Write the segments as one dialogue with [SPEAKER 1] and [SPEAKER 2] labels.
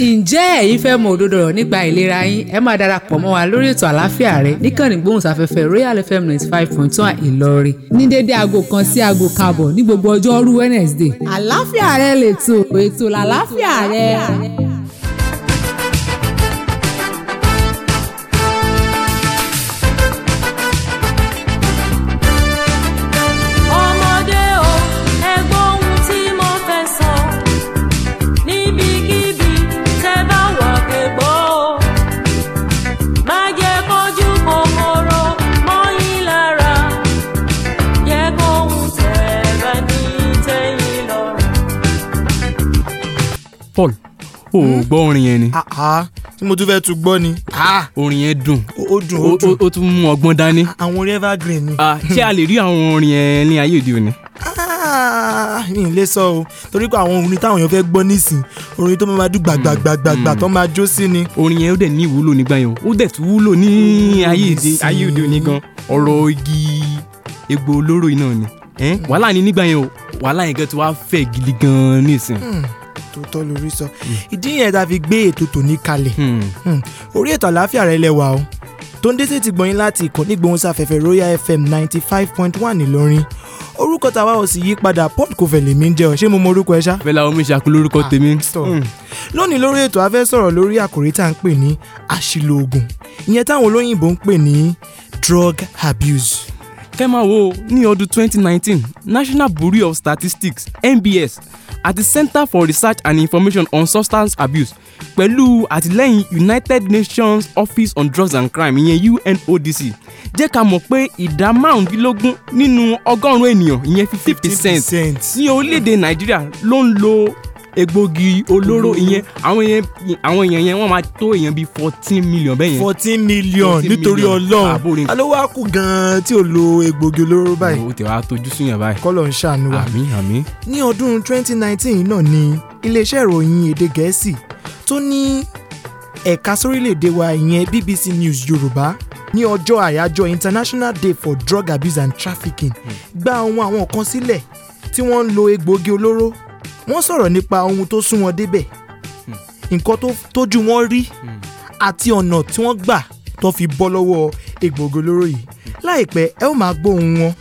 [SPEAKER 1] ǹjẹ́ ẹ̀yin fẹ́ mọ òdodo ọ̀rọ̀ nípa ìlera yín ẹ máa darapọ̀ mọ́ wa lórí ètò àlàáfíà rẹ níkànnì gbóhùnsáfẹ́fẹ́ Royal FM ninety five point one Ìlọrin ní dédé aago kan sí aago kábọ̀ ní gbogbo ọjọ́rú Wednesday àlàáfíà rẹ lè tó ètò
[SPEAKER 2] làlàáfíà rẹ. o ò gbọ́ orin yẹn ni. Ah, ah. tí mo tún fẹ́ tún gbọ́ ni. Ah. orin yẹn dùn ó dùn ó dùn ó tún mú ọgbọ́n dání. àwọn orin evergreen ni. ṣé a lè rí àwọn orin yẹn ní ayé òde òní.
[SPEAKER 1] mi ò lè sọ o torí pé àwọn orin táwọn èèyàn fẹ́ gbọ́ nísìn orin tó máa dùn gbàgbàgbàgbà hmm. tó máa jó sí ni. orin yẹn ó dẹ̀ ní ìwúlò nígbà yẹn
[SPEAKER 2] ó dẹ̀ tún wúlò ní hmm. ayé òde òní gan ọ̀rọ̀ igi egbò olóró iná ni wàhálà ni nígbà yẹn o wàhálà yẹn gan ti wá fẹ̀ gidi gan nísìn. Hmm
[SPEAKER 1] tó tọ́ lórí sọ hmm. ìdí yẹn tá a fi gbé ètò tòní kalẹ̀ hmm. Hmm. orí ètò àlàáfíà rẹ lẹ́wà o tó ń déṣe ti gbọ̀nyìn láti ìkànnì gbóhùnsáfẹ́fẹ́ Royal FM ninety five point one Ìlọrin orúkọ tàwa ò sì yí padà Paul Covel mi ń jẹ́ ọ ṣé mo mọ orúkọ ẹ ṣá.
[SPEAKER 2] bẹ́ẹ̀ omi ṣàkó lórúkọ ah, tèmi.
[SPEAKER 1] lónìí lórí ètò a fẹ́ sọ̀rọ̀ lórí àkòrí tá à ń pè ní àṣìlò oògùn
[SPEAKER 2] ìyẹn táwọn olóyìnbó ń pè ní drug abuse kẹ́ máa wo ní ọdún 2019 National Bureau of Statistics NBS at the Center for Research and Information on Substance Abuse pẹ̀lú àtìlẹ́yìn United Nations Office on Drugs and Crime ìyẹn UNODC jẹ́ ká mọ̀ pé ìdá márùndínlógún nínú ọgọ́rùn-ún ènìyàn ìyẹn fifty percent ní orílẹ̀-èdè Nàìjíríà ló ń lo egbògi olóró ìyẹn àwọn yẹn àwọn èèyàn yẹn wọ́n máa tó èèyàn bíi fourteen million bẹ́ẹ̀ yẹn. fourteen million nítorí ọlọ́run alówó kù gan-an tí ò lo egbògi olóró báyìí. o tẹ wá tójú sí yàn báyìí. kọ́lọ̀ ń ṣàánú wa àmín àmín.
[SPEAKER 1] ní ọdún twenty nineteen náà ni iléeṣẹ́ ìròyìn èdè gẹ̀ẹ́sì tó ní ẹ̀ka sórílẹ̀-èdè wa ìyẹn BBC News Yorùbá ní ọjọ́ àyájọ́ International Day for Drug Abuse and Trafficking hmm. gba ohun àwọn kan sílẹ̀ tí wọ́n ń lo egbògi olóró wọ́n sọ̀rọ̀ nípa ohun tó sún wọn débẹ̀ hmm. nǹkan tójú wọn rí hmm. àti ọ̀nà tí wọ́n gbà tó fi bọ́ lọ́wọ́ egbòogi olóró yìí hmm. láìpẹ́ ẹ ó máa gbóhùn wọn.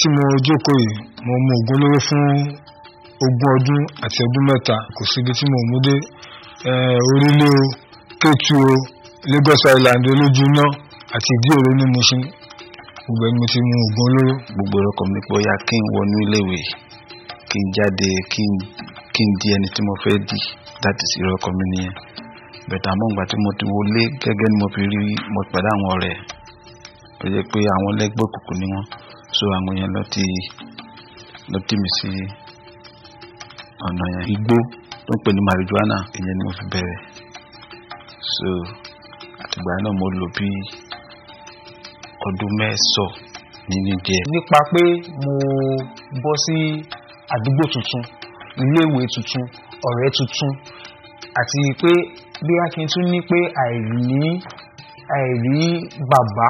[SPEAKER 3] tí mo jókòó yìí mo mu oògùn olóró fún ogún ọdún àti ọdún mẹ́ta kò síbi tí mo mú dé orílẹ̀ o kétu o Lagos Island olójú iná àti ìdí òró ní mo ṣe gbogbo ẹni mo ti mu oògùn olóró.
[SPEAKER 4] gbogbo mi pé ó kí n wọnú iléèwé kí n jáde kí n di ẹni tí mo fẹ́ di láti sí ọkọ mi nìyẹn bẹ̀tà mọ́ tí mo ti wọlé gẹ́gẹ́ ni mo fi rí mo pẹ̀lú àwọn ọ̀rẹ́ ó pé àwọn lẹ́gbẹ́ òkùnkùn ni wọ́n so àwọn yẹn lọ ti lọ tì mí sí ọ̀nà yẹn igbó tó ń pè ní marijuana ìyẹn ni mo fi bẹ̀rẹ̀ so àtìgbà náà mo lò bí ọdún mẹ́sọ̀ nínú díẹ̀.
[SPEAKER 5] nípa pé mo bọ́ sí àdúgbò tuntun iléèwé tuntun ọ̀rẹ́ tuntun àti pé bí a tún ní pé àìrí àìrí bàbá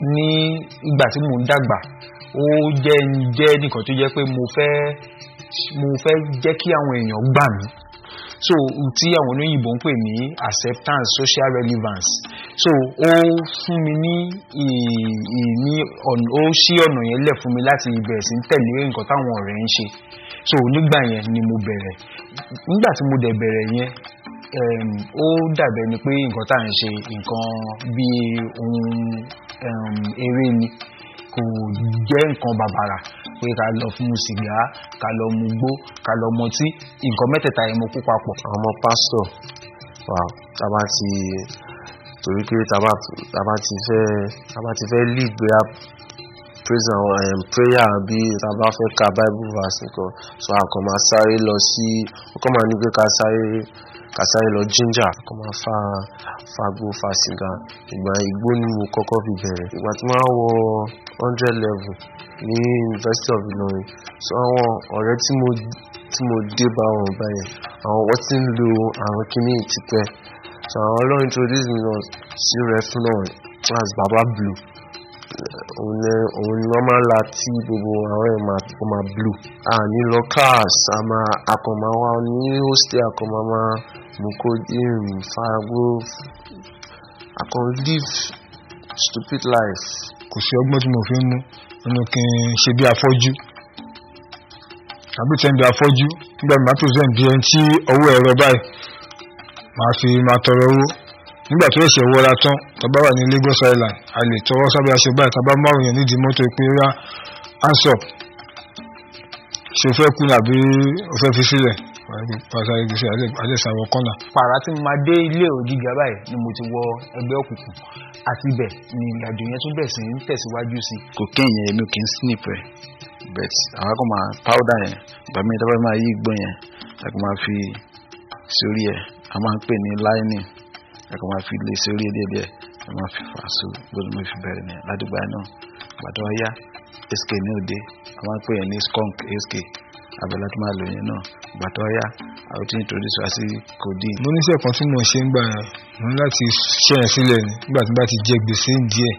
[SPEAKER 5] ní ìgbà tí mò ń dàgbà ó jẹ́ jẹ́ nìkan tó jẹ́ pé mo fẹ́ mo fẹ́ jẹ́ kí àwọn èèyàn gbà mí so tí àwọn olóyìnbó ń pè ní acceptance social relevance so ó fún mi ní ìní ó ṣí ọ̀nà yẹn lẹ̀ fún mi láti bẹ̀rẹ̀ sí tẹ̀lé nǹkan táwọn ọ̀rẹ́ ń ṣe so nígbà yẹn ni mo bẹ̀rẹ̀ nígbà tí mo dẹ̀ bẹ̀rẹ̀ yẹn ó dàbẹ̀ ni pé nǹkan tá à ń ṣe nǹkan bíi ohun eré ni kò jẹ́ nǹkan bàbàrà pé ká lọ fún sìgá ká lọ mu gbó ká lọ mọtí nǹkan mẹ́tẹ̀ẹ̀ta yẹn mo kó papọ̀. ọmọ pásítọ̀ wa
[SPEAKER 6] tá a bá ti torí pé tá a bá ti fẹ́ tá a bá ti fẹ́ lead bóyá prayer àbí tá a fẹ́ ka bible verse nìkan so a kàn máa sáré lọ sí ọkọ̀ máa ní pé ká sáré kàsáré lọ ginger kó máa fa fagbó fa sìgá ìgbà igbó ni mo kọ́kọ́ fi bẹ̀rẹ̀ ìgbà tí máa wọ hundred level ní University of Ilorin so àwọn ọ̀rẹ́ tí mo tí mo dé bá wọn báyẹn àwọn wọ́n ti ń lo àrùn kìíní ìtìpẹ́ so àwọn ọlọ́run introduce mi lọ sí reflon as baba blue òun ni òun ni wọ́n máa ń la tí gbogbo àwọn ẹ̀ máa tó máa blue. a ní lọ class a máa akọ̀ máa wá ní hostel akọ̀ máa mo kó um faragbó I can live stupid life.
[SPEAKER 3] kò sí ọgbọ́n tí mo fi ń mú nínú kí n ṣe bí afọ́jú àbí tẹ́ǹdì afọ́jú nígbà tí màá present bí ẹni tí ọwọ́ ẹ̀rọ báyìí màá fi máa tọrọ owó nígbà tó ẹ̀sẹ̀ wọra tán tàbá wà ní Lagos Island a lè tọwọ́ sábẹ́ aṣọ báyìí tàbá máa wòyàn nídìí mọ́tò pé rá hands up ṣe fẹ́ kú nàbí o fẹ́ fi sílẹ̀ pàṣẹ ìgbésẹ̀ àjẹsàwọ̀ kọ́là.
[SPEAKER 5] pàrà tí mo máa dé ilé ìwé báyìí ni mo ti wọ ẹgbẹ́ òkùnkùn àti ibẹ̀ ni ìrìnàjò yẹn tún bẹ̀ sí ń tẹ̀síwájú sí.
[SPEAKER 4] kò kéyìn yẹn mi kì í snip ẹ but àwọn kan máa powder yẹn gbàmí ìtọ́pẹ́ máa yí gbọ́n yẹn láti máa fi sórí ẹ̀ a máa ń pè ní lining láti máa fi lè sórí ẹ̀ díẹ̀díẹ̀ a máa fi fà so gbọ́dọ̀ mo fi bẹ̀rẹ̀ ní ládùúgbò náà gbàdúrà yá sk ní òde a máa ń pè ní skunk sk abẹ́lá tó máa lò yẹn náà ìgbà tó yá àwọn tí ń introduce wa sí kòdí.
[SPEAKER 3] mo níṣẹ́ kan tí mo ṣe ń gbà láti ṣe sílẹ̀ nígbà tí bá ti jẹ gbèsè díẹ̀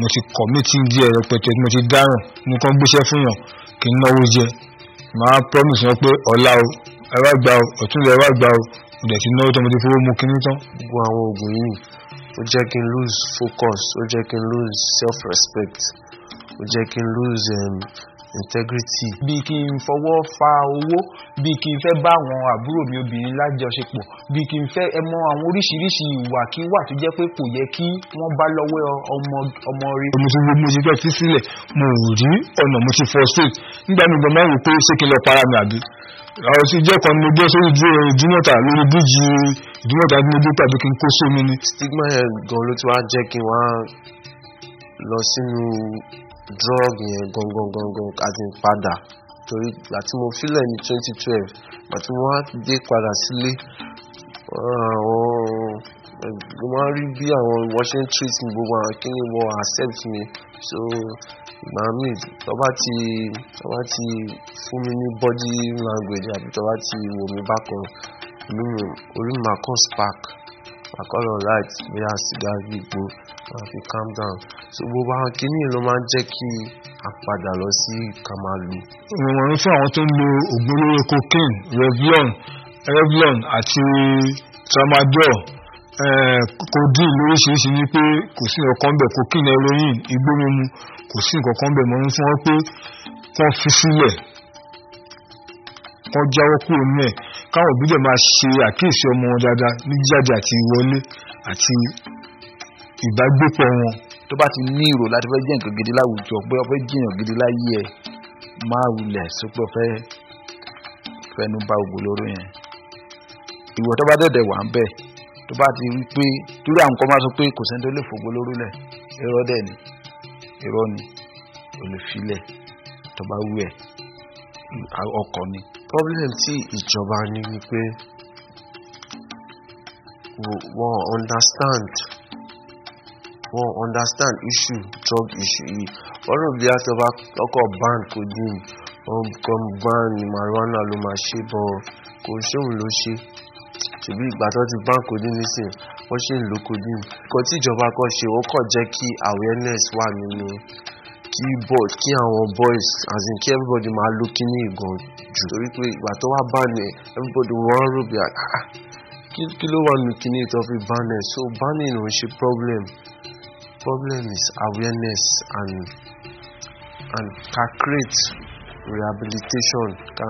[SPEAKER 3] mo ti kọ̀ mí díẹ̀ rẹpẹtẹ mo ti dáràn mo kàn gbéṣẹ́ fún yàn kí n náwó jẹ màá promise wọn pé ọ̀la o ẹ wá o ọ̀túnlẹ̀ ẹ wá gbà o mo ti náwó tán mo ti fowó mu kíní tán.
[SPEAKER 6] gbogbo àwọn oògùn yìí ó jẹ́ kí n lose focus ó jẹ́ kí n lose self respect ó jẹ́ kí n lose um, integrity
[SPEAKER 5] bíi kí n fọwọ́ fa owó bíi kí n fẹ́ bá àwọn àbúrò mi obìnrin lájọṣepọ̀ bíi kí n fẹ́ ẹ mọ àwọn oríṣiríṣi ìwàkiwà tó jẹ́ pé kò yẹ kí wọ́n bá lọ́wọ́ ọmọ rí. mo ti wo
[SPEAKER 3] mo ti fẹ́ fi sílẹ̀ mo ò rí ọ̀nà mo ti fọ straight nígbà mi gbọ́n máa pé ṣé kí n lọ para mi àbí àwọn tí ìjẹ́ kan mo gbé sórí ìdúmọ̀tà eh, lórí bíjì ìdúmọ̀tà ni mo
[SPEAKER 5] tàbí kí n kó sómi ni.
[SPEAKER 6] stigma yẹn gan ló ti wá jẹ́ kí n lọ sínú drug yẹn gangan gangan àti padà torí ìgbà tí mo filẹ̀ ní twenty twelve ìgbà tí mo wá dé padà sílé mo máa rí bí àwọn washing ṣe ń treat mi gbogbo àwọn kíni wọ accept mi so ìgbà míì tọ́ba ti tọ́ba ti fún mi ní body language àbí tọ́ba ti wò mí bákan orí mi máa kàn spark alcohol light bóyá sìgá gbígbó máa fi calm down so gbogbo àwọn kìíní ló máa ń jẹ́ kí a padà lọ sí ká máa lu.
[SPEAKER 3] fún àwọn tó ń lo ògùn olóró cocaine revlon revlon àti tramadol eh, codeine lóríṣiríṣi ni pé kò sí nǹkan bẹ̀ cocaine heroin igbó mímu kò sí nǹkan bẹ̀ mọ́ fún wọn pé kán fi sílẹ̀ kán jáwọ́ kúrò mẹ́ẹ̀ káwọn òbí dẹ̀ máa ṣe àkíyèsí ọmọ wọn dáadáa ní jíjáde àti ìwọlé àti ìbágbépọ̀ wọn. tó bá ti ní ìrò láti fẹ́ jẹ́
[SPEAKER 4] nǹkan gidi láwùjọ pé ọ fẹ́ jìyàn gidi láyé ẹ̀ máa wulẹ̀ sópọ̀ fẹ́ fẹnu ba ògbó lóró yẹn. ìwọ tó bá dẹ̀dẹ̀ wà ń bẹ̀ tó bá ti rí pé torí àwọn kan máa sọ pé kò sẹ́ni tó lè fògbó lóró lẹ̀ irọ́ dẹ̀ ni irọ́ ni olùfilẹ̀ tó bá wù ẹ́ ọkọ ni problem tí ìjọba ní wípé
[SPEAKER 6] wọ́n understand wọ́n understand issue drug issue yìí wọ́n rò bí àtọ́ba ọkọ̀ ban codeine wọ́n kan ban marijuana ló máa ṣe bọ́ kò ṣóun ló ṣe ṣèbí ìgbà tó ti ban codeine nísìn wọ́n ṣe ń lo codeine nǹkan tí ìjọba kan ṣe wọ́n kàn jẹ́ kí awareness wà nínú kí àwọn boys as in kí everybody máa lo kíní ìgàn jù torí pé ìgbà tó wá bánẹ̀ everybody wọ́n rò bí ah, ah, kí ló wà nù kíní tó fi bánẹ̀ so bánẹ̀ ló ń ṣe problem problem is awareness and and ka create rehabilitation ka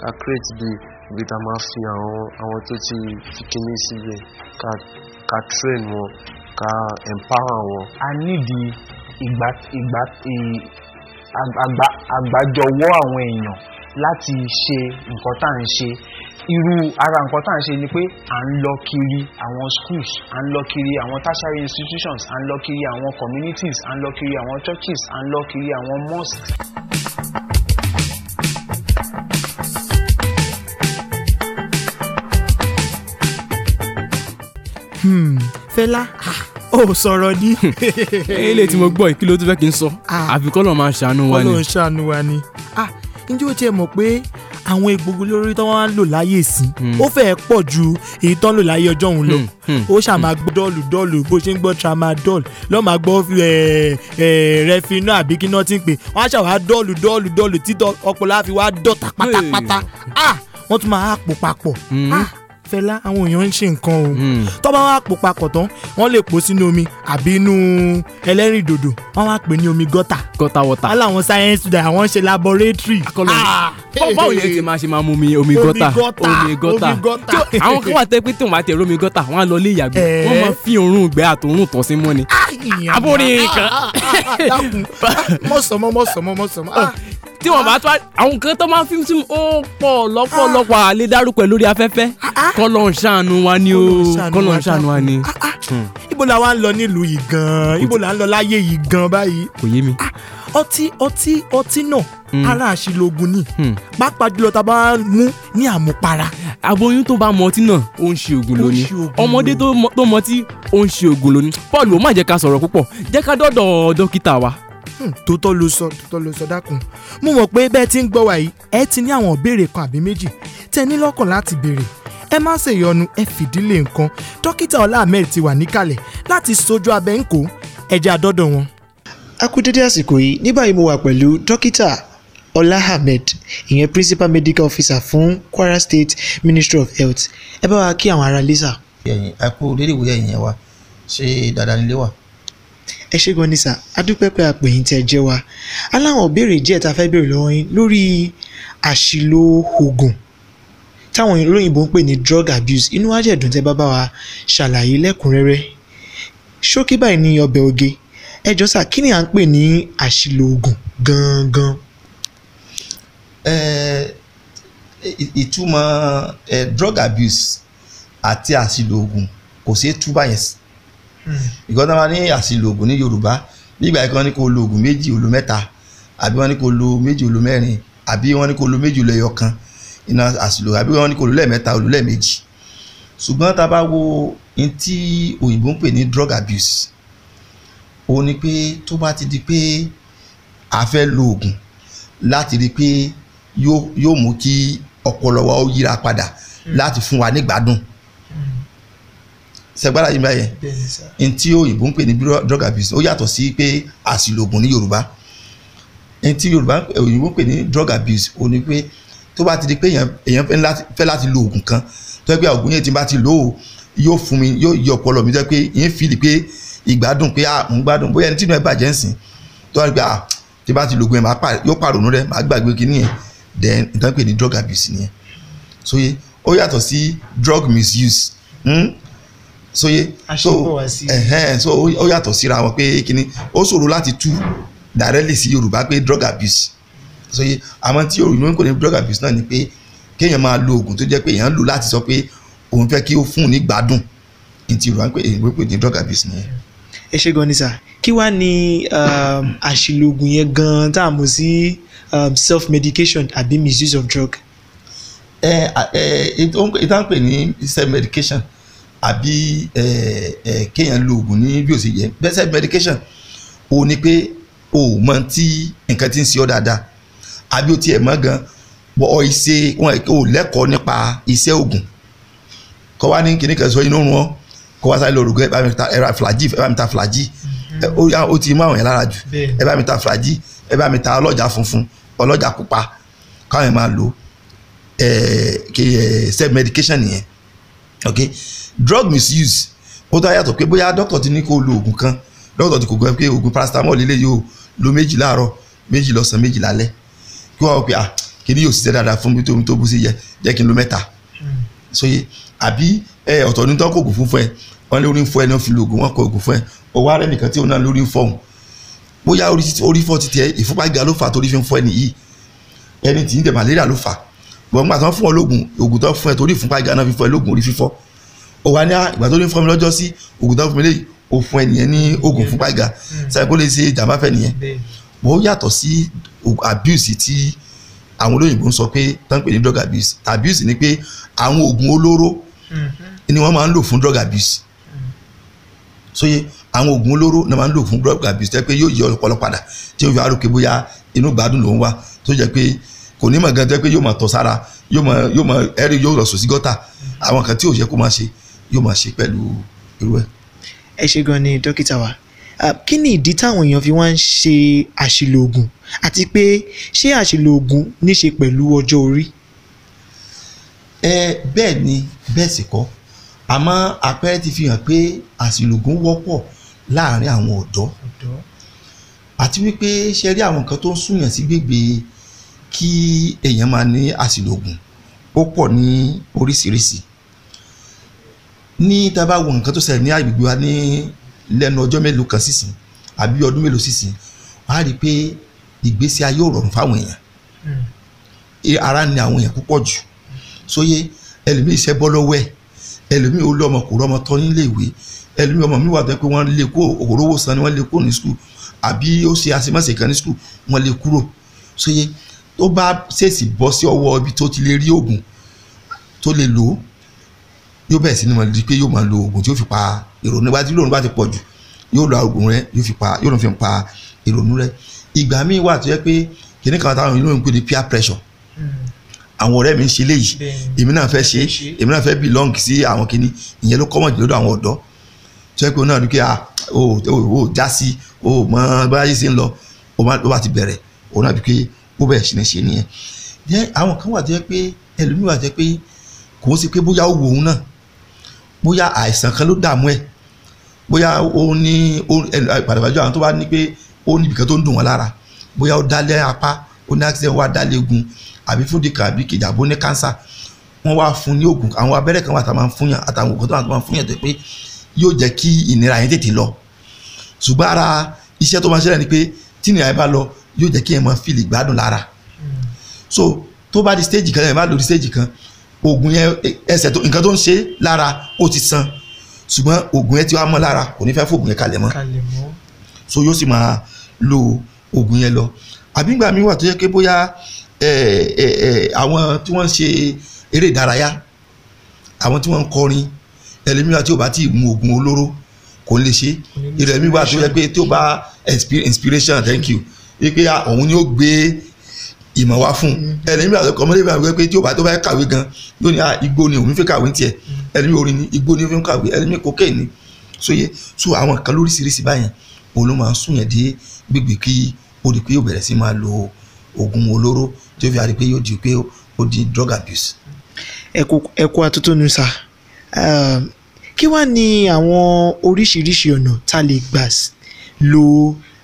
[SPEAKER 6] ka create bi ibi tá máa fi àwọn àwọn tó ti fi kíní síbẹ̀ ka ka train wọn ka empower wọn.
[SPEAKER 5] a nídìí ìgbà ìgbà àgbàjọwọ́ àwọn èèyàn láti ṣe nǹkan tá à ń ṣe irú ara nǹkan tá à ń ṣe ni pé à ń lọ kiri àwọn schools à ń lọ kiri àwọn tertiary institutions à ń lọ kiri àwọn communities à ń lọ kiri àwọn churches à ń lọ kiri àwọn mosques.
[SPEAKER 2] Hmm, Fẹ́lá ó sọ̀rọ̀ ní. ilé tí mo gbọ́ ìkìlọ̀ tó fẹ́ kí n sọ ah. àfikọ́ lọ́ọ́ máa ṣàánú wa ni. ọlọ́run
[SPEAKER 1] ṣàánú wa ni. ah njẹ́ o tiẹ̀ mọ̀ pé àwọn egbògi olórí tó wọ́n á lò láyé sí hmm. ó fẹ́ẹ́ pọ̀ ju èyí tó ń lò láyé ọjọ́ òun lọ hmm, hmm, ó ṣàmà gbọ́ dọ́ọ̀lù dọ́ọ̀lù bó ṣe ń gbọ́ tramadol lọ́ọ́ gbọ́ rẹfinọ àbí kí náà ti ń pè wọ́n á ṣàwá dọ́ọ̀lù dọ́ọ̀lù dọ́ọ̀lù títọ́ ọpọlọ àfi wá dọ́ta pátápátá ah, wọ́n tún máa pò papọ̀ ah, Fẹlá àwọn èèyàn ń ṣe nǹkan o hmm. tó bá wá pò papọ̀ tán wọ́n lè pò sínú omi àbí inú ẹlẹ́rìndòdò wọ́n wá pè ní omi gọ́tà gọ́tà wọ́tà wọ́n làwọn science student àwọn ṣe laboratory. Ah!
[SPEAKER 2] báwo ni ẹ ti máa ṣe máa mu omi omi gọ́tà omi gọ́tà àwọn kan wà tẹ́ pé tí bá tẹ̀ rómi gọ́tà wọ́n á lọ lé ìyàgbẹ́ eh. wọ́n máa fi òórùn gbẹ́ àtòórùn tọ̀ sí mọ́ni. àbúrò nìkan. mọ̀sánmọ́ mọ̀sánmọ́ mọ̀sánmọ́ ah tí wọn bá tó àwọn kan tó máa ń fíìmù ó pọ̀ lọ́pọ̀lọpọ̀ àlè dárúkọ lórí afẹ́fẹ́ ah, ah, ah. kọ́lọ̀ ń ṣàánú wa ni o kọ́lọ̀ ń ṣàánú wa
[SPEAKER 1] ni.
[SPEAKER 7] Hmm.
[SPEAKER 2] ibo la wa ń lọ nílùú yìí gan-an ibo la ń lọ láyé yìí gan-an báyìí. kò yé mi. ọtí ọtí ọtí náà hmm. ara àṣìlógún ni hmm. pàápàá jùlọ tá a bá mú ní àmupara. aboyún tó bá mu ọtí náà ó ń ṣe ògùn lónìí ọmọdé tó mu ọtí ó ń ṣe ògùn lónìí Paul ó má jẹ́ ká sọ̀rọ̀ púpọ̀ jẹ́ ká dọ́dọ̀ dókítà wa
[SPEAKER 1] Hmm, tótọ́ ló sọ tótọ́ ló sọ dákun mo mọ̀ pé bẹ́ẹ̀ ti ń gbọ́ wàyí ẹ ti ní àwọn ìbéèrè kan àbí méjì tẹ́ ní lọ́kàn láti béèrè ẹ má ṣèyọnu ẹ fìdílé nǹkan dókítà ọlá ahmed ti wà níkàlẹ̀ láti sojú abẹ ń kó ẹ̀jẹ̀ àdọ́dọ̀ wọn. a àsìkò yìí ní báyìí mo wà pẹ̀lú dókítà ọlá ahmed ìyẹn principal medical officer fún kwara state ministry of health ẹ bá wa kí àwọn ará lẹ́sà.
[SPEAKER 8] ẹ̀yin a kú dédé ìwé wa ṣé dáadáa nílé wa
[SPEAKER 1] ẹ ṣé gan ni sà adúpẹ́ pé àpèyìn tẹ́ jẹ́ wa aláwọn òbéèrè díẹ̀ tá a fẹ́ béèrè lọ́wọ́ yín lórí àṣìlò oògùn táwọn olóyìnbó ń pè ní drug abuse inú wa jẹ́ dùn tẹ́ bá bá wa ṣàlàyé lẹ́kùnrẹ́rẹ́ ṣókí báyìí ní ọbẹ̀ oge ẹ jọ sà kí ni à ń pè ní àṣìlò oògùn gangan.
[SPEAKER 8] ìtumọ̀ drug abuse àti àṣìlò oògùn kò ṣeé tú báyẹn ìgbọ́n tó máa ní àsìlò oògùn ní yorùbá bí ìgbà kan ní kó lo oògùn méjì olo mẹ́ta àbí wọ́n ní kó lo méjì olo mẹ́rin àbí wọ́n ní kó lo méjì olo ẹyọ kan iná àsìlò àbí wọ́n ní kó lo lẹ́ẹ̀mẹ́ta olo lẹ́ẹ̀mejì ṣùgbọ́n tá a bá wo ní tí òyìnbó ń pè ní drug abuse ó ní pé tó bá ti di pé a fẹ́ lo oògùn láti rí i pé yóò mú kí ọpọlọ wa ó yíra padà hmm. láti fún wa nígbádùn. Mm sẹgbàrà yìí báyẹn n tí òyìnbó ń pè ní drug abuse ó yàtọ̀ sí pé àṣìlògùn ní yorùbá n tí yorùbá òyìnbó ń pè ní drug abuse ó ní pé tó bá ti di pé èèyàn fẹ́ láti lo oògùn kan tó yẹ pé oògùn yẹn ti bá ti lò ó yóò fún mi yóò yí ọpọlọ mi tó yẹ pé yẹn fìlì pé ìgbádùn pé à ah, ń gbádùn bóyá ẹni tí inú bàjẹ́ ń sìn tó wá pé à ah, tí bá ti lògùn ẹ máa yóò pàrònú rẹ máa gbàgbé kíní yẹn then ìtàn pè ní drug abuse nìyẹn so ó yàtọ̀ sí drug misuse hmm? sóyé so ẹhẹn so ó yàtọ̀ síra wọn pé kíní ó ṣòro láti tú directly sí yorùbá pé drug abuse sóyé àmọ́ tí yorùbá ń pè ní drug abuse náà ni pé kéèyàn máa lo oògùn tó jẹ́ pé èèyàn ń lò láti sọ pé òun fẹ́ kí ó fún un ní gbádùn ní yorùbá ń pè èèyàn pè ní drug abuse nìyẹn. ẹ ṣe gan ni sà
[SPEAKER 1] kí wàá ní um, àṣìlò yẹn gan tá a mọ̀ sí um, self medication àbí misuse of drug.
[SPEAKER 8] ẹ ẹ ìtàn pè ní self medication àbí kéèyàn lo oògùn ní bí ó ṣe yẹ best medication o ní pé o ò mọ tí nǹkan ti ń ṣe ọ́ dáadáa àbí o tiẹ̀ mọ́ gan bọ́ ọ ìṣe wọn ò lẹ́kọ̀ọ́ nípa iṣẹ́ oògùn kọ́ wá ní kíní kan sọ inú rún ọ́ kọ́ wá sáré lọ rògbò ẹ bá mi ta ẹ ra flagy ẹ bá mi ta flagy ó ti mú àwọn yẹn lára jù ẹ bá mi ta flagy ẹ bá mi ta ọlọ́jà funfun ọlọ́jà pupa káwọn yẹn máa lò ẹ ẹ self medication nìyẹn okay drug misuse ó tó yàtọ̀ pé bóyá dókítà ti ní kó lo oògùn kan dókítà ti kò gbọ́ pé oògùn paracetamol lílé yóò lo méjì láàárọ̀ méjì lọ́sàn méjì lálẹ́ kí wọ́n wọ́n pe ah kí ni yóò ṣiṣẹ́ dáadáa fún mi tó mi tó bú sí yẹ jẹ́ kí n lo mẹ́ta hmm. sóye àbí ẹ ọ̀tọ̀ ní tán kò oògùn fún fún ẹ wọ́n lórí ń fọ́ ẹ náà fi lo oògùn wọn kọ oògùn fún ẹ ọwọ́ ara nìkan tí òun náà lórí ń fọ́ òun bóyá orí fọ́ ti tiẹ̀ ìfúnpá gíga ló fà torí fi ń fọ́ ẹ nìyí ẹni tí ń dẹ̀ malaria ó wà ní ah, ìgbà tó ní fún mi lọ́jọ́ sí oògùn tó fún mi lé o fún ẹnìyẹn ní oògùn fún pàgà sáré hmm. kó lè ṣe ìjàmbá fẹ́ nìyẹn bó yàtọ̀ sí abuse tí àwọn olóyìnbó ń sọ pé tán pè ní drug abuse abuse ni pé àwọn oògùn olóró hmm. ni wọ́n máa ń lò fún drug abuse hmm. sóye àwọn oògùn olóró ni wọ́n máa ń lò fún drug abuse tẹ́ pé yóò yí ọpọlọ padà tí yóò fi àròkè bóyá inú gbádùn ló ń wá tó jẹ́ pé kò ní mọ̀ gan tẹ́ pé yóò máa tọ̀ sára yóò máa ẹ̀rí yóò lọ sùn sí gọ́tà àwọn kan tí ò yẹ kó máa ṣe yóò máa ṣe pẹ̀lú irú ẹ̀. ẹ ṣe gan ni dókítà wa kí ni ìdí táwọn èèyàn fi wá ń ṣe
[SPEAKER 1] àṣìlò oògùn àti pé ṣé àṣìlò oògùn níṣe pẹ̀lú ọjọ́ orí.
[SPEAKER 8] ẹ bẹ́ẹ̀ ni bẹ́ẹ̀ sì kọ́ àmọ́ àpẹẹrẹ ti fi hàn pé àṣìlò oògùn wọ́pọ̀ láàárín àwọn ọ̀dọ́ àti wípé ṣe rí àwọn nǹkan tó ń súnyàn sí gbègbè kí èèyàn máa ní àṣìlò oògùn ó pọ̀ ní oríṣiríṣi ní tábà wo nǹkan tó ṣẹlẹ̀ ní agbègbè wa ní lẹ́nu ọjọ́ mélòó kan sísìn àbí ọdún mélòó sísìn wàá rí i pé ìgbésí ayé ò rọrùn fáwọn èèyàn hmm. e, ara ni àwọn èèyàn púpọ̀ jù sóyè ẹlòmíì iṣẹ́ bọ́ lọ́wọ́ ẹ̀ ẹlòmíì ó lọ́mọ kò rọ́mọ tọ́ nílé ìwé ẹlòmíì ọmọ mi wà tó pé wọ́n lè kó òkòrówó san ni wọ́n lè kó ní skul àbí ó ṣe àṣemáṣe kan ní skul wọ́n lè kúrò sóyè tó bá ṣèṣì bọ́ sí ọwọ́ ibi tó ti lè rí oògùn tó lè lò ó yóò bẹ̀rẹ̀ sí ni wọn di pé yóò máa lo oògùn tí yóò fi pa ìrònú bá tí lóòrùn bá ti pọ̀ jù yóò lo oògùn rẹ yóò fi pa yóò lọ fi pa ìrònú rẹ ìgbà míì wà tó yẹ pé kìnnì kan táwọn ìlú ń pè ní peer pressure àwọn ọ̀rẹ́ mi ń ṣe léyìí èmi náà fẹ́ ṣe èmi náà fẹ́ belong sí àwọn kìnnì ìyẹn ló kọ́mọ̀ jù lọ́dọ̀ àwọn ọ̀dọ́ tó yẹ pé onáà dúkìá ah, o ò já sí o mọ báyìí sí ń lọ o bá ti bẹ̀rẹ̀ onáà dúkìá ó bẹ̀rẹ̀ sí ní ṣe nìyẹn àwọn kan wà tó yẹ pé ẹlòmíì wà tó yẹ pé kò ó sì pé bóyá ó wò òun náà bóyá àìsàn kan ló dààmú ẹ̀ bóyá ó ní pàdàbàjọ àwọn tó bá ní pé ó ní ibìkan tó ń dùn wọn lára bóyá ó dálé apá ó ní accident wá dálé egun àbí fúdi kan àbí kejì àbó ní cancer wọ́n wá fún ní oògùn àwọn abẹ́rẹ́ kan wà tá a máa ń fún yàn àtàwọn oògùn tó máa ń fún yàn tó pé yóò jẹ́ kí ìnira yẹn tètè lọ ṣùgbọ́n ara iṣẹ́ tó máa ṣẹlẹ̀ ni pé tí ìnira yẹn bá lọ yóò jẹ́ kí yẹn máa fìlì gbádùn lára so tó bá di stage kan yẹn bá lò stage kan oògùn yẹn ẹsẹ̀ tó nǹkan tó ń ṣe lára ó ti san ṣùgbọ́n oògùn yẹn ti wá mọ́ lára kò ní fẹ́ fòògùn yẹn kalẹ̀ mọ́ so yóò sì máa lo oògùn yẹn lọ àbí ìgbà mi wà tó yẹ pé bóyá àwọn tí wọ́n ń ṣe eré ìdárayá àwọn tí wọ́n ń kọrin ẹlẹ́mìíràn tí ò bá tí ì mu oògùn olóró kò lè ṣe ìrẹ̀mí tó yẹ pé tí bá inspiration thank you wípé òun ni ó gbé ìmọ̀ wá fún un ẹlẹ́mìí àti ọkọ̀ mọ́lẹ́bí àwọn pé tí ó bá tó bá kàwé gan yóò ní ah, igbó ni òun fi kàwé tiẹ̀ mm. ẹlẹ́mìí orin ni igbó ni ó fi ń kàwé ẹlẹ́mìí kókè ni sóye so àwọn nǹkan lóríṣiríṣi báyẹn òun ló máa ń sún yẹn dé gbègbè kí ó di pé yóò bẹ̀rẹ̀ sí máa lo oògùn olóró tí ó fi àrí pé yóò di pé ó di drug abuse. ẹ kú àtúntò ní sà
[SPEAKER 1] um, kí wàá ní àwọn oríṣiríṣi ọ̀nà tá a lè gbà lo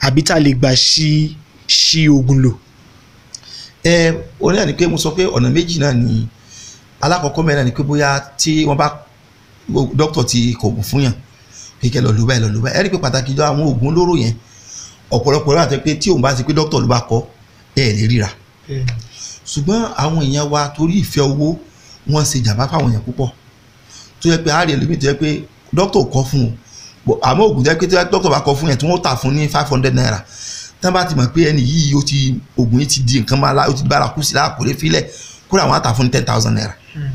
[SPEAKER 1] àbí tá a lè gbà
[SPEAKER 8] ṣí ṣí oògùn lò ẹ oní náà ni pé mo sọ pé ọ̀nà méjì náà ni alákọ̀ọ́kọ́ mẹ́rin náà ni pé bóyá tí wọ́n bá dókítà ti kògùn fún yàn pé kẹ́ lọ lò báyìí lọ lò báyìí ẹ rí i pé pàtàkì jọ àwọn oògùn olóró yẹn ọ̀pọ̀lọpọ̀ rẹ̀ pé tí òun bá ti pé dókítà ló bá kọ ẹ lè ríra ṣùgbọ́n àwọn èèyàn wa torí ìfẹ́ owó wọ́n ṣe jàmbá fáwọn èèyàn púpọ̀ tó yẹ pé àárẹ̀ lómi tó yẹ pé dókítà kọ fún un àmọ́ oògùn tó yẹ pé dókítà bá kọ fún yẹn tí wọ́n tà fún ní five hundred naira tán bá ti mọ̀ pé ẹni yìí ó ti oògùn yìí ti di nǹkan máa la ó ti bára kú sí la filẹ̀ kódà àwọn àtà ní ten thousand naira hmm.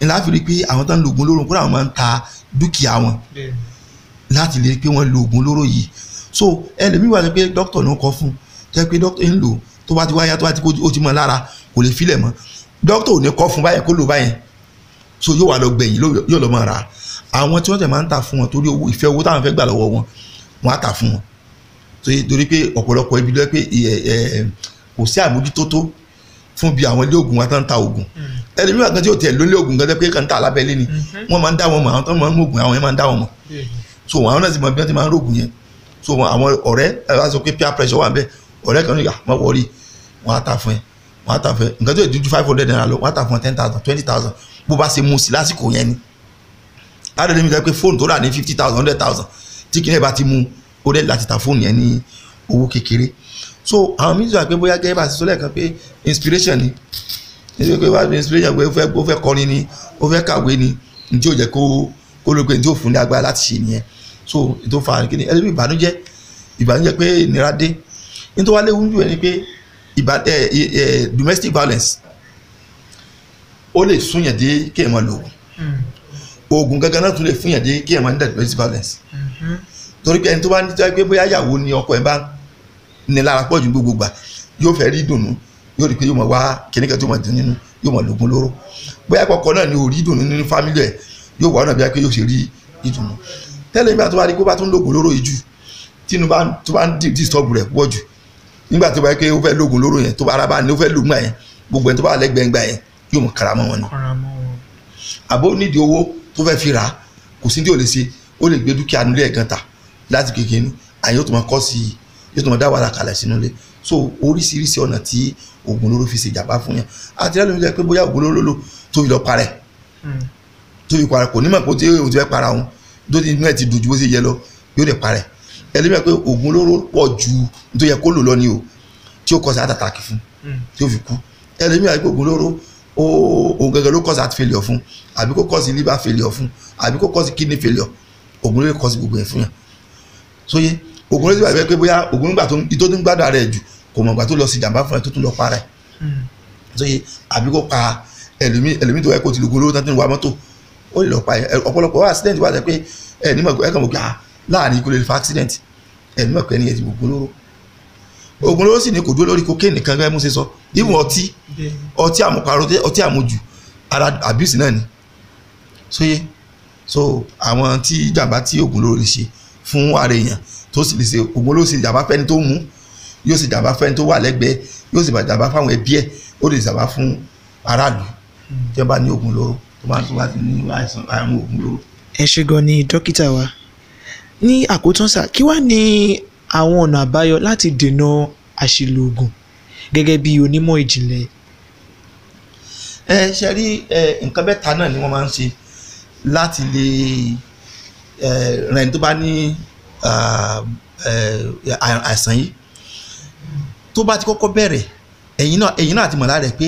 [SPEAKER 8] ńlá fi rí i pé àwọn tán lo oògùn olóró kódà àwọn máa ń ta dúkìá wọn láti lè pé wọ́n lo oògùn olóró yìí so ẹlòmíì wà pé dókítà ló kọ fún tẹ́ pé dókítà ń lò tó bá ti wáyá tó bá ti kó o ti mọ̀ lára kò lè filẹ̀ mọ́ dókítà ò ní kọ fún báyẹn kó lò báyẹn so yóò wá lọ gbẹ̀yìn yóò lọ mọ̀ ra àwọn tí wọ́n tẹ̀ máa ń tà fún wọn torí ìfẹ́ owó táwọn fẹ́ gbà lọ́wọ́ wọn wọ́n á tà fún wọn torí pé ọ̀pọ̀lọpọ̀ ibi lọ́wọ́ pé kò sí àmójútó tó fún bí àwọn ilé ògùn wa tán ń ta ògùn mm. ẹlòmíràn kan tí yóò tiẹ̀ ló ilé ògùn kan tẹ́ pé kàn ń ta alábẹ́lé ni mm-hmm. wọ́n máa ń dá wọn mọ̀ àwọn tó máa ń mọ̀gùn àwọn yẹn máa ń dá wọn mọ̀ so àwọn náà sì mọ bí wọ́n ti máa ń rògùn yẹn so àwọn ọ̀rẹ́ ẹ bá sọ pé peer pressure wà ń bẹ ọ̀rẹ́ kan nígbà ah, má wọrí wọn á ta fún ẹ wọn á ta fún ẹ nǹkan tó yẹ dúdú five hundred naira lọ wọn á ta fún ẹ ten thousand twenty thousand bó bá ṣe mú sí lásìkò yẹn ni ó rẹ̀ láti ta fóònù yẹn ní owó kékeré so àwọn míì sọ pé bóyá gẹ́gẹ́ bá ti sọ lẹ́ẹ̀kan pé inspiration ni nítorí pé wàá inspiration pé ó fẹ́ kọrin ni ó fẹ́ kàwé ni ní tí ó jẹ́ kó kó ló pé ní tí ó fún ní agbára láti ṣe nìyẹn so ní tó fa kí ni ẹlẹ́mi ìbànújẹ́ ìbànújẹ́ pé ìnira dé ní tó wá léwu jù ẹ ni pé domestic violence ó lè súnyàn dé kí ẹ̀ máa lò hmm. oògùn gangan náà tún lè fúnyàn dé kí ẹ̀ máa ní domestic violence. Mm -hmm torí pé ẹni tó bá ní tẹ́ pé bóyá ìyàwó ni ọkọ ẹ̀ bá ní lára pọ̀ ju gbogbo gbà yóò fẹ́ rí ìdùnnú yóò rí pé yóò mọ̀ wá kíníkẹ́ tó mọ̀ dín nínú yóò mọ̀ lógún lóró bóyá kọ̀ọ̀kan náà ni ò rí ìdùnnú nínú fámílì ẹ̀ yóò wà ọ̀nà bí i pé yóò ṣe rí ìdùnnú tẹ́lẹ̀ nígbà tó bá rí pé ó bá tún lóògùn lóró yìí jù tínú tó bá ń disturb rẹ̀ pọ̀ jù nígbà tó bá rí pé ó fẹ́ lóògùn lóró yẹn tó bá ara bá ní ó fẹ́ lóògùn yẹn gbogbo ẹni tó bá lẹ́gbẹ̀ẹ́ gbà yẹn yóò mọ̀ karamọ́ wọn ni àbó nídìí owó tó fẹ́ fi rà kò sí ní tí ò lè ṣe ó lè gbé dúkìá nílé ẹ̀gán ta láti kékeré àyìn yóò tún máa kọ́ sí i yóò tún máa dá wàhálà kalẹ̀ sínú ilé so oríṣiríṣi ọ̀nà tí oògùn olóró fi ṣe ìjàmbá fún yàn àti lẹ́nu ìjọba pé bóyá oògùn olóró lò tó fi lọ parẹ́ hmm. tó fi parẹ́ kò nímọ̀ pé tí o ti fẹ́ para òun tó ti inú ẹ̀ ti dùn ju bó ṣe yẹ lọ yóò dẹ̀ parẹ́ ẹlẹ́mìíràn pé oògùn olóró pọ̀ ju tó yẹ kó lò lọ ni o tí ó kọsà àtàtàkì fún hmm. tí ó fi kú ẹlẹ́mìíràn pé oògùn olóró òun gẹ́gẹ́ ló kọsà failure fún àbí kó kọsì liver failure fún àbí kó kọsì kidney failure oògùn olóró kọsì gbogbo ẹ̀ fún yàn sóyè ògùn ló ti bàbá pé bóyá ògùn nígbà tó ìtó ní gbádùn ara ẹ̀ jù kò mọ̀ ìgbà tó lọ sí jàǹbá fún ẹ tó tún lọ para ẹ̀ hmm. sóyè àbí kó pa ẹlòmí ẹlòmí tó yẹ kó ti lògùn olówó tán tí ń wa mọ́tò ó lè lọ pa ẹ ọ̀pọ̀lọpọ̀ wá accident wà pé ẹ nímọ̀ ẹ kàn mọ̀ pé ah, láàrin ikú lè fa accident ẹ nímọ̀ pé ẹni ti gbogbo lóró ògùn olóró sì ni kò dúró lórí kokéènì kan gẹ́gẹ́ mú sí sọ even hmm. ọtí ọtí àmuparo ọtí àmujù ara abuse náà ni sóyè so àwọn tí jàǹbá tí ògùn olóró lè ṣe fún ara èèyàn tó sì lè ṣe òun ló sì jàmbá fẹ́ni tó mú yóò sì jàmbá fẹ́ni tó wà lẹ́gbẹ̀ẹ́ yóò sì jàmbá fáwọn ẹbí ẹ̀ ó lè jàmbá fún aráàlú tí wọ́n bá ní oògùn lóró tó bá tó bá ti ní àìsàn àrùn oògùn lóró. ẹ ṣé gan ni
[SPEAKER 1] dókítà wa ní àkótán sá kí wàá ní àwọn ọ̀nà àbáyọ láti dènà
[SPEAKER 8] àṣìlò oògùn
[SPEAKER 1] gẹ́gẹ́ bí onímọ̀ ìjìnlẹ̀.
[SPEAKER 8] ẹ ṣe rí nǹkan bẹ́ẹ̀ ta náà ni wọ́n máa ń ṣe láti lè rẹ̀ tó bá ní àìsàn yìí tó bá ti kọ́kọ́ bẹ̀rẹ̀ ẹ̀yin náà ẹ̀yin náà ti mọ̀ lára rẹ̀ pé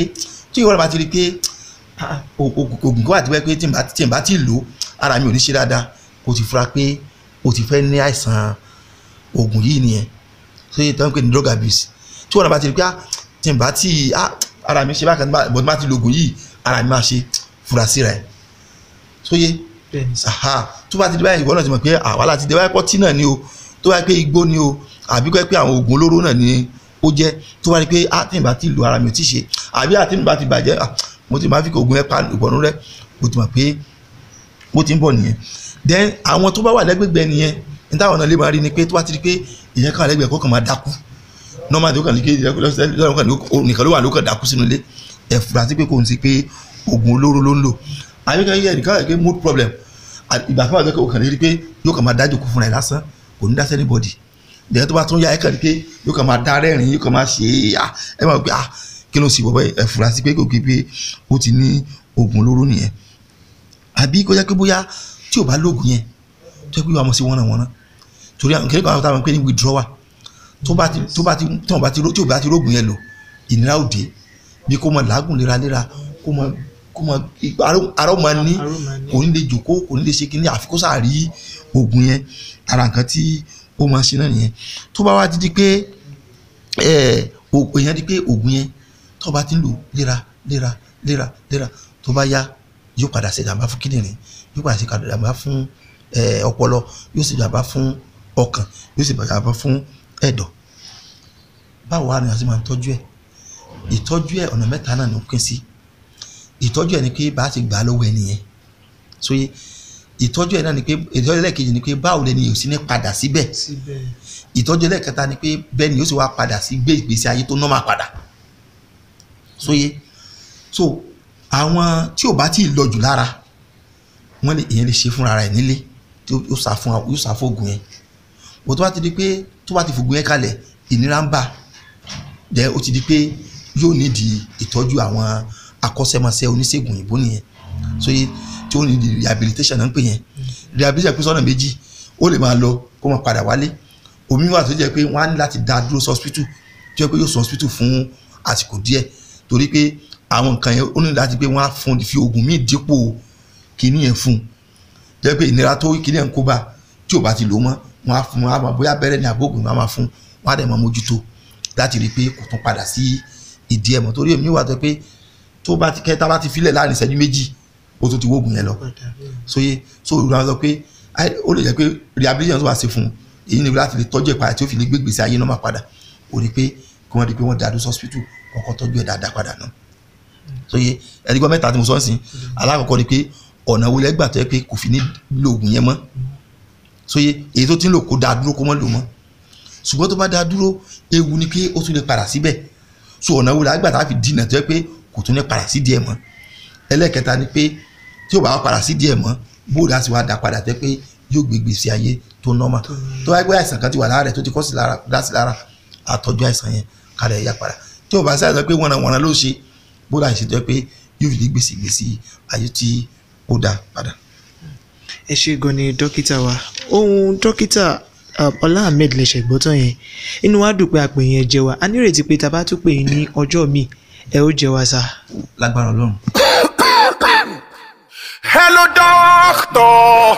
[SPEAKER 8] tí ìwọ́n bá ti rí pé ah, ah, oògùn kó wà ti pẹ́ pé tí n bá ti lò ara mi ò ní ṣe dáadáa kò ti fura pé o ti fẹ́ ní àìsàn oògùn yìí nìyẹn tó yẹ tó ń pè ní drug abuse tí ìwọ́n bá ti rí pé ah, tí n bá ti ara mi ṣe bákan bọ́n bá ti lo oògùn yìí ara mi máa ṣe fura síra ẹ̀ tó yẹ aha tó bá ti di báyìí ìwọ náà ti mọ̀ pé àwa láti dé wáyé pọ́tì náà ni o tó bá pé igbó ni o àbí pé àwọn oògùn olóró náà ni ó jẹ́ tó bá rí pé àtìmíbá ti lu ara mi ò ti ṣe àbí àtìmíbá ti bàjẹ́ mo ti máa fi oògùn ẹ pa ìbọnú rẹ mo ti mọ̀ pé bó ti ń bọ̀ nìyẹn then àwọn tó bá wà lẹ́gbẹ̀gbẹ̀ nìyẹn ní táwọn náà lè máa rí ni pé tó bá ti rí pé ìyẹn kan lẹ́gbẹ̀ẹ́ kó kàn máa dákú normal tó kàn ní kéde lọ́sọ̀rọ̀ nìkan ló wà ló kàn dákú sínú ilé ẹ̀fúrasí problem ìgbà fún àjọkẹ́ òkàn rí pé yóò kàn máa dájú kú fúnra ẹ̀ lásán kò ní dá sí anybody ìdẹ́gbẹ́ tó bá tún yá ẹ̀ kàn rí pé yóò kàn máa dá rẹ́rìn yóò kàn máa ṣe à ẹ máa gbé à kí ló sì bọ̀ bẹ́ẹ̀ sí pé kò gbé pé ó ti ní oògùn olóró nìyẹn àbí kó jẹ́ pé bóyá tí ò bá lóògùn yẹn tó yẹ pé wàá mọ̀ sí wọ́nà wọ́nà torí àwọn kéré kan àwọn táwọn pé ní withdrawal tó bá ti tó bá ti tó bá ti rógùn yẹn lò ìnira òde bí ara ó máa ní kò ní lè jòkó kò ní lè ṣe kíní àfi kó sàárí oògùn yẹn ara nǹkan tí ó máa ṣe náà nìyẹn tó bá wá ti di pé èèyàn di pé oògùn yẹn tó bá ti ń lò léra léra léra léra tó bá yá yóò padà ṣe ìjàmbá fún kíndìnrín yóò padà ṣe ìjàmbá fún ọpọlọ yóò ṣe ìjàmbá fún ọkàn yóò ṣe ìjàmbá fún ẹ̀dọ̀ báwo wá ni a ṣe máa ń tọ́jú ẹ̀ ìtọ́jú ọ̀nà mẹ́ta náà ló pín sí ìtọ́jú ẹ̀ ni pé bá a ti gbà á lọ́wọ́ ẹni yẹn so ìtọ́jú ẹ̀ náà ni pé ìtọ́jú ẹlẹ́ẹ̀kejì ni pé báwo lẹni yóò sì ní padà síbẹ̀ ìtọ́jú ẹlẹ́ẹ̀kẹta ni pé bẹ́ẹ̀ ni yóò sì wá padà sí gbé ìgbésí ayé tó nọ́mà padà so yé so àwọn tí ò bá tí ì lọ́jù lára wọ́n lè ìyẹn lè ṣe fúnra rẹ̀ nílé tí yóò sá fún yóò sá fóògùn yẹn bó tó bá ti di pé tó bá ti fògùn yẹn kalẹ̀ ìnira ń bà dẹ́ ó ti di pé yóò nídìí ìtọ́jú àwọn akọ́ṣẹ́mọṣẹ́ oníṣègùn òyìnbó nìyẹn so yẹ tí ó ní rehabilitation náà ń pè yẹn rehabilitation pín sọ́nà méjì ó lè máa lọ kó máa padà wálé omi wà tó jẹ́ pé wọ́n á ní láti dá dúró sí hospital tó jẹ́ pé yóò sí hospital fún àsìkò díẹ̀ torí pé àwọn nǹkan yẹn ó ní láti pé wọ́n á fún fi oògùn míì dípò kíní yẹn fún un jẹ́ pé ìnira tó kíní yẹn kó bá tí ò bá ti lò mọ́ wọ́n á fún wọn bóyá abẹ́rẹ́ ní abóògùn wọn máa fún wọn á dẹ̀ máa mójútó láti rí i pé kò tún padà sí ìdí ẹ̀mọ́ torí èmi wà tó pé tó bá ti kẹta láti filẹ̀ láàrin ìṣẹ́jú méjì ó tún ti wóògùn yẹn lọ sóye so ìrora sọ pé ó lè jẹ́ pé rehabilitation tó bá ṣe fún èyí ni láti lè tọ́jú ẹ̀ padà tí ó fi lè gbé gbèsè ayé náà má padà ó rí pé kí wọ́n di pé wọ́n dàdú hospital ọkọ̀ tọ́jú ẹ̀ dáadáa padà náà sóye ẹni gbọ́ mẹ́ta tí mo sọ ń sìn alákọ̀ọ́kọ́ ni pé ọ̀nà wo lẹ́gbà tó yẹ pé kò fi ní lo oògùn yẹn mọ́ sóye èyí tó ti ń lò kó dáa dúró kó mọ́ lò mọ́ ṣùgbọ́n tó bá dáa dúró ewu ni pé ó tún lè padà síbẹ̀ so ọ̀nà wo làgbà tá a fi dínà tó yẹ pé kò tún ní padà sí díẹ̀ mọ́ ẹlẹ́kẹta ni pé tí ò bá wá padà sí díẹ̀ mọ́ bóòlù á sì wá dá padà tẹ́ pé yóò gbé gbèsè ayé tó nọ́mà tó wáyé pé àìsàn kan ti wà lára rẹ̀ tó ti kọ́ sí lára dá sí lára àtọ́jú àìsàn yẹn kalẹ̀ yá padà tí ò bá sí àìsàn pé wọ́n ran wọ́n ran ló ṣe bóòlù àìsàn jẹ́ pé yóò fi gbèsè gbèsè ayé tí ó dá padà.
[SPEAKER 1] ẹ ṣe gan ni dókítà wa ohun dókítà ọlá ahmed lè ṣègbọ́tàn yẹn inú wa dùn pé àpè yẹn jẹ wa a nírètí pé tá pè é ní ọjọ́ míì ẹ ó jẹ wá sá.
[SPEAKER 8] lágbára ọlọ́run.
[SPEAKER 7] hello doctor.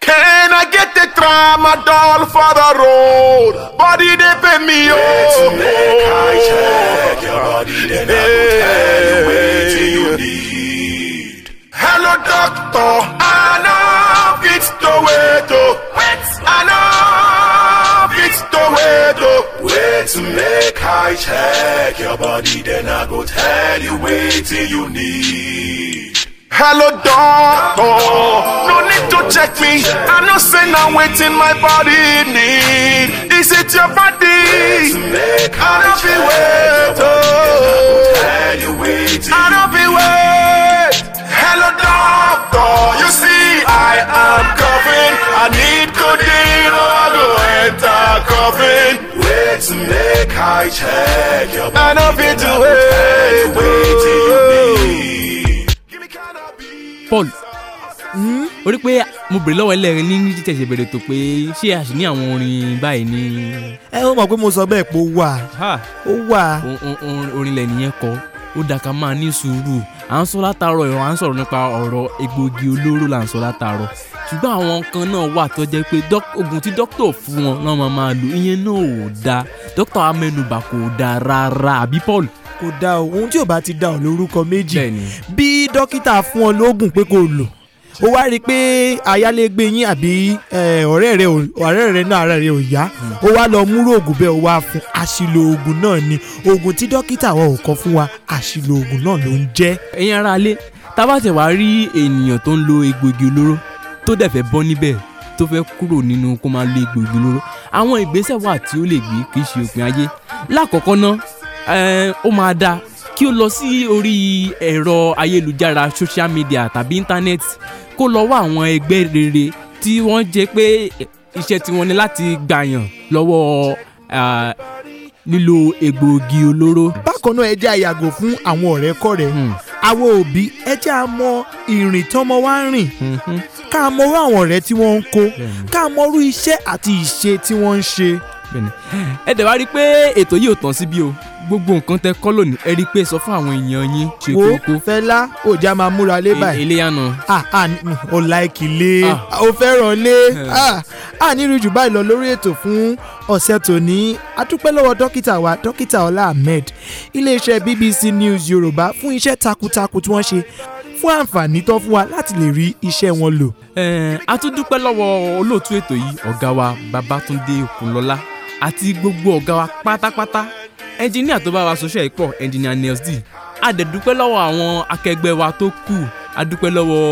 [SPEAKER 7] Can I get the tramadol for the road? Body they pay me oh. Let's make I check your body, then I will tell you waiting you need. Hello doctor, I know it's the way to. I know it's the way to. to make I check your body, then I go tell you waiting you need. Hello, doctor. No need to check me. I know say now waiting my body need. Is it your body? I don't be wait. Oh. I don't be wait. Hello, doctor. You see, I am coughing. I need codeine or oh, I go enter coughing. vex make I check your body. I know fit to wait. Wait till you
[SPEAKER 2] need. Paul. orí pé mo bèrè lọ́wọ́ ẹlẹ́rìí ní títẹ̀sẹ̀ bèrè tó pé ṣé a sì ní àwọn orin báyìí ní. ẹ ó mọ̀ pé mo sọ bẹ́ẹ̀ pé ó wà ó wà. orin lẹ̀ nìyẹn kọ ó dà ká máa ní sùúrù à ń sọ látàárọ̀ à ń sọ̀rọ̀ nípa ọ̀rọ̀ egbògi olóró là ń sọ látàárọ̀ ṣùgbọ́n àwọn kan náà wà tó jẹ́ pé oògùn tí dókítà fún wọn náà máa máa lò ìyẹn náà ò dáa dókítà amẹnubà kò dáa rárá àbí Paul kò dáa o ohun tí ò bá ti dá ọ lórúkọ méjì
[SPEAKER 1] bí dókítà fún ọ lóògùn pé kò lò ó wá rí i pé ayálégbé yín àbí ọ̀rẹ́ rẹ náà ara rẹ ò yá ó wá lọ múrò oògùn bẹ́ẹ̀ ó wá fún àṣìlò oògùn náà ni oògùn tí dókítà wa ò kọ fún wa àṣìlò oògùn náà ló ń
[SPEAKER 2] jẹ́. ẹ̀yin ará ilé tá bá rí ènìyàn tó ń lo egbògi olóró tó dẹ̀ fẹ́ bọ́ níbẹ̀ tó fẹ́ kúrò nínú kó máa lo egbògi olóró àwọn ìgbésẹ̀ wà tí ó lè gbé kì í ṣe òpin ayé lákọ̀ọ́kọ́ náà eh, ó máa da kí o lọ sí orí ẹ̀rọ ayélujára social media tàbí internet kó lọ wá àwọn ẹgbẹ́ rere tí wọ́n jẹ́ pé iṣẹ́ tiwọn ni láti gbàyàn lọ́wọ́ lílo egbògi olóró. bákan náà ẹ jẹ́ àyàgò fún àwọn ọ̀rẹ́kọ̀rẹ́ hmm
[SPEAKER 1] àwọn òbí ẹ jẹ́ à mọ ìrìn tọ́mọ wa ń rìn mhm. ká mọ orú àwọn ọ̀rẹ́ tí wọ́n
[SPEAKER 2] ń kó ká mọ orú iṣẹ́ àti ìṣe tí wọ́n ń ṣe. ẹ dẹ̀ wá rí i pé ètò yìí ò tán síbí o gbogbo nǹkan tẹ kọ́ lónìí ẹ rí i pé sọ fún àwọn èèyàn yín ṣe kókó. wo fẹlá òjá máa múra lé báyìí. ilé e, yànnà. ah ah o like ilé o fẹ́ràn
[SPEAKER 1] lé ah ah ní ìrìjù báyìí lọ lórí ètò fún ọ̀sẹ̀ tòní a dúpẹ́ lọ́wọ́ dókítà wa dókítà Ọlá Ahmed iléeṣẹ́ BBC News Yorùbá fún iṣẹ́ takuntakun tí wọ́n ṣe
[SPEAKER 2] fún àǹfààní tó fún wa láti lè rí iṣẹ́ wọn lò. a tún dúpẹ́ lọ́wọ́ olóòtú ètò yìí ọ̀gá wa Babátúndé Òkúnlọ́lá àti gbogbo ọ̀gá wa pátápátá ẹnjìníà tó bá wa ṣoṣẹ́ ìpọ̀ ẹnjìníà Nels D adẹ̀dúpẹ́ lọ́wọ́ àwọn akẹgbẹ́ wa tó kù adúpẹ́ lọ́wọ́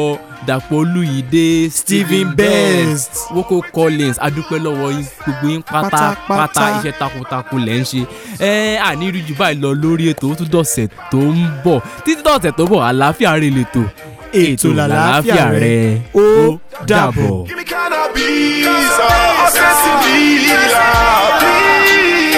[SPEAKER 2] Dàpọ̀ Olúyìdé Stephen Best Woko Collins adúpẹ́ lọ́wọ́ gbogbo yín pátápátá iṣẹ́ takuntakun lẹ́ ń ṣe ẹ ànírírí jù báyìí lọ lórí ètò ó tún dọ̀sẹ̀ tó ń bọ̀ títí dọ̀sẹ̀ tó bọ̀ àlàáfíà rẹ̀ lètò ètò làlàáfíà rẹ̀ ó dàbọ̀. Give me
[SPEAKER 7] cannabis, ọ̀sẹ̀ sí mi là, please.